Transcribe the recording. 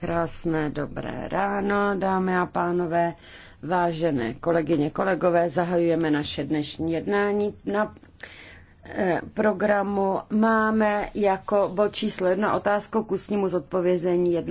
Krásné dobré ráno, dámy a pánové, vážené kolegyně, kolegové, zahajujeme naše dnešní jednání. Na eh, programu máme jako bod číslo jedna otázku k ústnímu zodpovězení jednání.